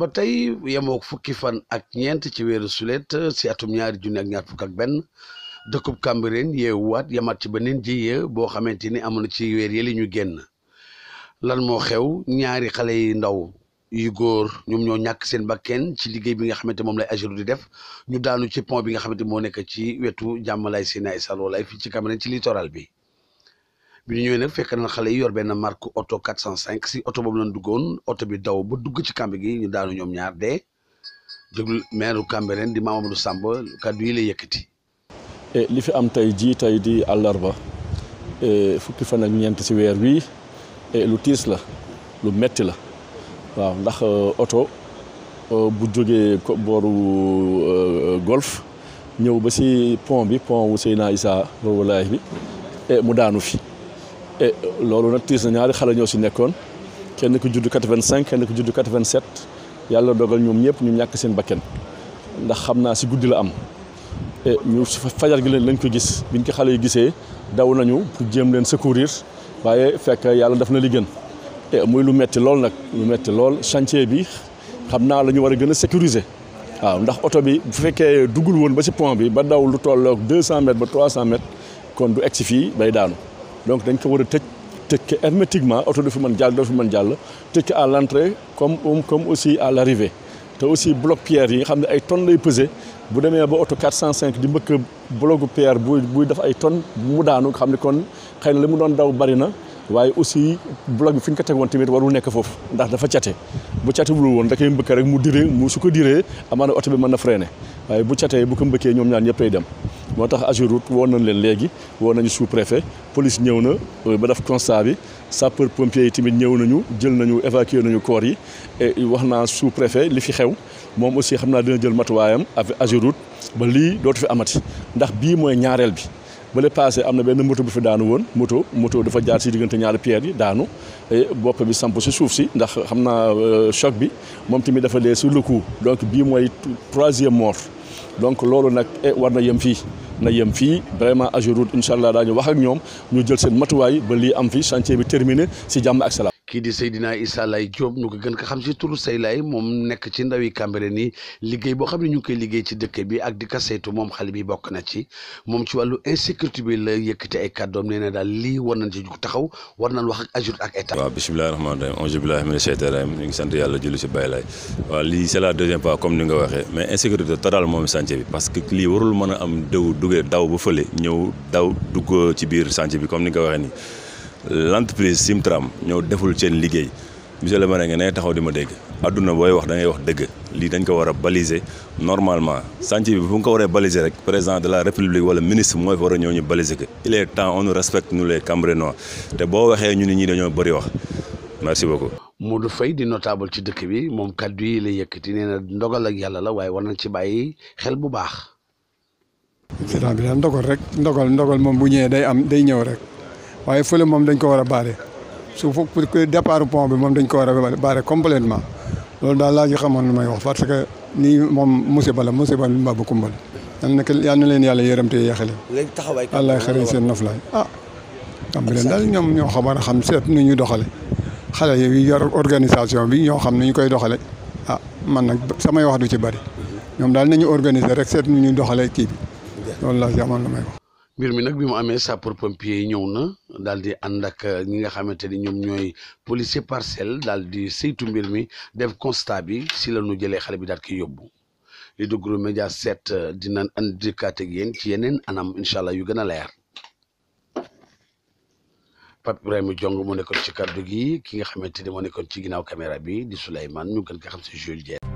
ba tey yemook fukki fan ak ñeent ci weeru sulet eh, si atum ñaari junni ak ñaar fukk ak benn dëkkub Cambérène yeewuwaat yamaat ci beneen jiye boo xamante ni amoon ci weer yële ñu génn lan moo xew ñaari xale yi ndaw yu góor ñoom ñoo ñàkk seen bakkeen ci liggéey bi nga xamante moom lay agir di def ñu daanu ci pont bi nga xamante moo nekk ci wetu jàmmalay Sina Issa Lô lay fii ci Cambérène ci littoral bi bi ñu ñëwee nag fekk na xale yi yor benn marque oto 405 si oto boobu lañ duggoon oto bi daw ba dugg ci kamb gi ñu daanu ñoom ñaar dee déglu maire Cambérène di Mamadou Samb kàddu yi lay yëkkati. Eh, li fi am tey jii tey di àllarba eh, fukki fan ak ñeent si weer wii eh, lu tiis la lu metti la waaw ndax oto bu jógee booru golf ñëw ba si pont bi pont wu Seyna Issa Rohou Laye bi mu daanu fi. Eh, loolu nag tiis na ñaari xale ñoo si nekkoon kenn juddu ku judd 85 kenn ku judd 87 yàlla dogal ñoom ñëpp ñu ñàkk seen bakken ndax xam naa si guddi la am et eh, ñu fajar gi leen lañ ko gis biñ ko xale yi gisee daw nañu pour jéem leen secourir waaye fekk yàlla def na li gën e muy lu metti lool nag lu metti lool chantier bi xam naa la ñu war a gën a sécuriser waaw ndax oto bi bu fekkee duggul woon ba si point bi ba daw lu toll 200 mètres ba 300 mètres kon du egg si fii bay daanu donc dañ ko war a tëj tëj ko hermétiquement oto du fi mën jàll doo fi mën jàll tëj ko à l'entrée comme comme aussi à l'arrivée te aussi bloc pierre yi nga xam ne ay tonnes lay pesé bu demee ba oto cinq di mbëkk blocu pierre buy buy def ay tonnes mu daanu xam ne kon xëy na li mu doon daw bari na waaye aussi bloc bi fi ñu ko teg woon tamit warul nekk foofu ndax dafa cate bu catewul woon da koy mbëkk rek mu diree mu su ko diree amaana oto bi mën na freiné waaye bu catee bu ko mbëkkee ñoom ñaar ñëppay dem moo tax AGEROUTE woon nañ leen léegi woo nañu sous préfet police ñëw na euh, ba def constat bi sapeur pompier yi tamit ñëw nañu jël nañu évacuer nañu corps yi wax naa sous préfet li fi xew moom aussi xam naa dina jël matuwaayam avec AGEROUTE ba lii dootu fi amati ndax bii mooy ñaareel bi. bale passé am na benn moto bu fi daanu woon moto moto dafa jaar si diggante ñaari pierre yi daanu bopp bi samp si suuf si ndax xam naa euh, choc bi moom tamit dafa dee le coup donc bii mooy troisième mort donc loolu nag eh, war na yem fii na yem fii vraiment Ageroute incha allah daañu wax ak ñoom ñu jël seen matuwaay ba lii am fi chantier bi terminé si jàmm ak salaam kii di Seydina Issa Laye Diop ñu ko gën ko xam si turu say lay moom nekk ci ndawi Cambérène yi liggéey boo xam ne ñu ngi koy liggéey ci dëkk bi ak di ko saytu moom xale bi bokk na ci moom ci wàllu insécurité bi la yëkkati ay kàddoom nee na daal lii war nañ ci jug taxaw war nañ wax ak ajur ak état waaw bisimilahi rahmaani rahim ange bilahi mina cheytaan rahim ngi sant yàlla julli si Baye Laye waaw lii c'est la deuxième fois comme ni nga waxee mais insécurité totale moom chantier bi parce que lii warul mën a am dëw dugee daw ba fële ñëw daw dugg ci biir chantier bi comme ni nga waxee nii l'entreprise Simtram ñoo deful seen liggéey monsieur le nga ne taxaw di ma dégg adduna booy wax da ngay wax dëgg lii dañ ko war a baliser normalement chantier bi bu nga ko waree baliser rek président de la république wala ministre mooy fa war a ñëw ñu baliser ko il e temps on nous respecte lee les Cambrénois te boo waxee ñu ni ñi dañoo bëri wax merci beaucoup. Modou fay di notable ci dëkk bi moom kaddu yi la yëkk ti na ndogal ak yàlla la waaye war nañ ci bàyyi xel bu baax. président bi moom bu ñëwee day am day ñëw rek. waaye fële moom dañ ko war a baare su fekk départ pont bi moom dañ ko war a baare complètement loolu daal laa xamoon lu may wax parce que nii moom musiba la musiba mbaa bu kumbal yal na yal na leen yàlla yërëm te yeexale léegi taxawaay allah xëri seen noflaay ah xam bi leen daal ñoom ñoo xamoon a xam seet nu ñuy doxale xale yi yor organisation bi ñoo xam nu ñu koy doxale ah man nag samay wax du ci bari ñoom daal nañu organiser rek seet nu ñuy doxale kii bi loolu laa si amoon lu may wax mbir mi nag bi mu amee sapeur pompier yi ñëw na daal di ànd ak ñi nga xamante ni ñoom ñooy policier parcelle daal di saytu mbir mi def constat bi si la ñu jëlee xale bi daal koy yóbbu li du groupe média seet euh, dina andi kaat ak ci yeneen anam incha allah yu gën a leer Pape Ibrahima Jong moo nekkoon ci kàddu gi ki nga xamante ni moo nekkoon ci ginnaaw caméra bi di Souleymane ñu gën ko xam si Jules Dieng